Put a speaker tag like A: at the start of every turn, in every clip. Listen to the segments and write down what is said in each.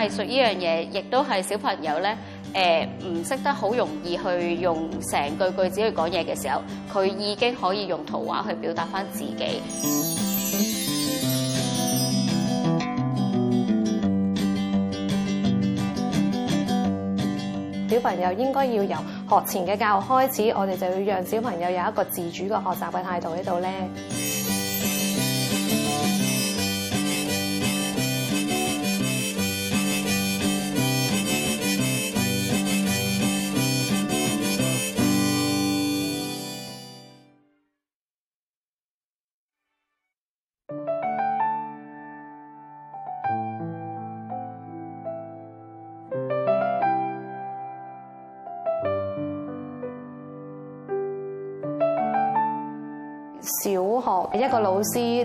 A: 藝術呢樣嘢，亦都係小朋友咧，誒唔識得好容易去用成句句子去講嘢嘅時候，佢已經可以用圖畫去表達返自己。
B: 小朋友應該要由學前嘅教育開始，我哋就要讓小朋友有一個自主嘅學習嘅態度喺度咧。小學一個老師即係誒，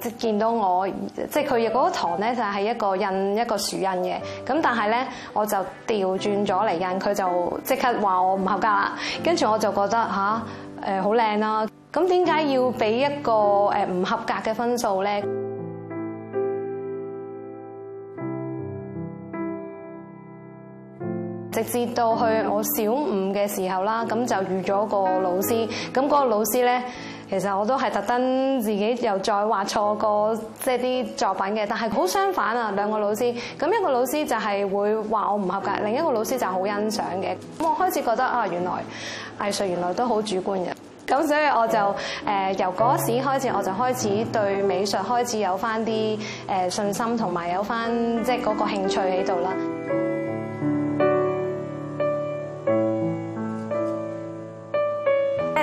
B: 即係、呃、見到我，即係佢嘅嗰堂咧就係一個印一個樹印嘅，咁但係咧我就調轉咗嚟印，佢就即刻話我唔合格啦，跟住我就覺得吓，誒好靚啦，咁點解要俾一個誒唔合格嘅分數咧？直至到去我小五嘅時候啦，咁就遇咗個老師，咁嗰個老師咧。其實我都係特登自己又再畫錯個即係啲作品嘅，但係好相反啊，兩個老師，咁一個老師就係會話我唔合格，另一個老師就好欣賞嘅。咁我開始覺得啊，原來藝術原來都好主觀嘅。咁所以我就呃由嗰時開始，我就開始對美術開始有翻啲誒信心同埋有翻即嗰個興趣喺度啦。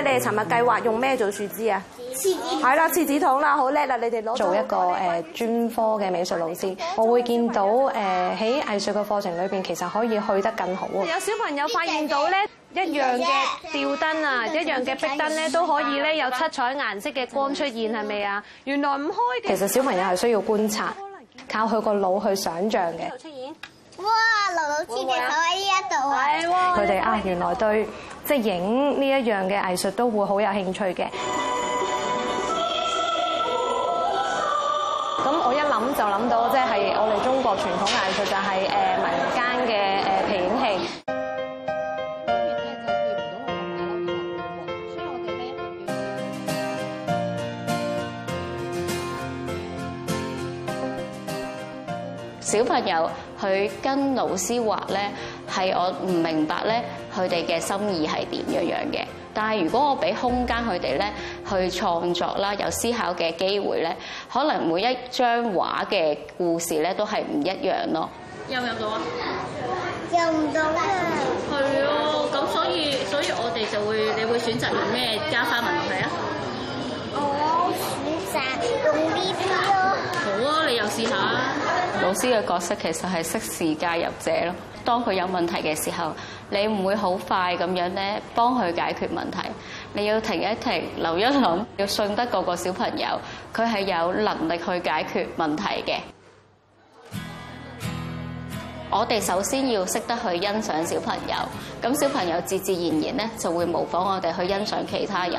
B: 你哋尋日計劃用咩做樹枝啊？係啦，廁紙筒啦，好叻啦！你哋攞做一個誒專科嘅美術老師，我會見到誒喺藝術嘅課程裏邊，其實可以去得更好啊！有小朋友發現到咧，一樣嘅吊燈啊，一樣嘅壁燈咧，都可以咧有七彩顏色嘅光出現，係咪啊？原來唔開其實小朋友係需要觀察，靠佢個腦去想像嘅。出現哇，劉老師都喺呢一度啊！佢哋啊，原來對。即係影呢一樣嘅藝術都會好有興趣嘅。咁我一諗就諗到，即係我哋中國傳統藝術就係誒民間嘅誒皮影戲。呢邊咧就見唔到紅紅綠綠嘅畫，所以我哋咧
A: 一定要小朋友去跟老師畫咧。係我唔明白咧，佢哋嘅心意係點樣樣嘅？但係如果我俾空間佢哋咧，去創作啦，有思考嘅機會咧，可能每一張畫嘅故事咧都係唔一樣咯。入唔入到啊？入唔到啦？係啊，咁所以所以我哋就會，你會選擇用咩加花紋係啊？我選擇用呢啲咯。好啊，你又試下。老師嘅角色其實係適時介入者咯，當佢有問題嘅時候，你唔會好快咁樣咧幫佢解決問題，你要停一停，留一諗，要信得過個小朋友，佢係有能力去解決問題嘅。我哋首先要識得去欣賞小朋友，咁小朋友自自然然咧就會模仿我哋去欣賞其他人。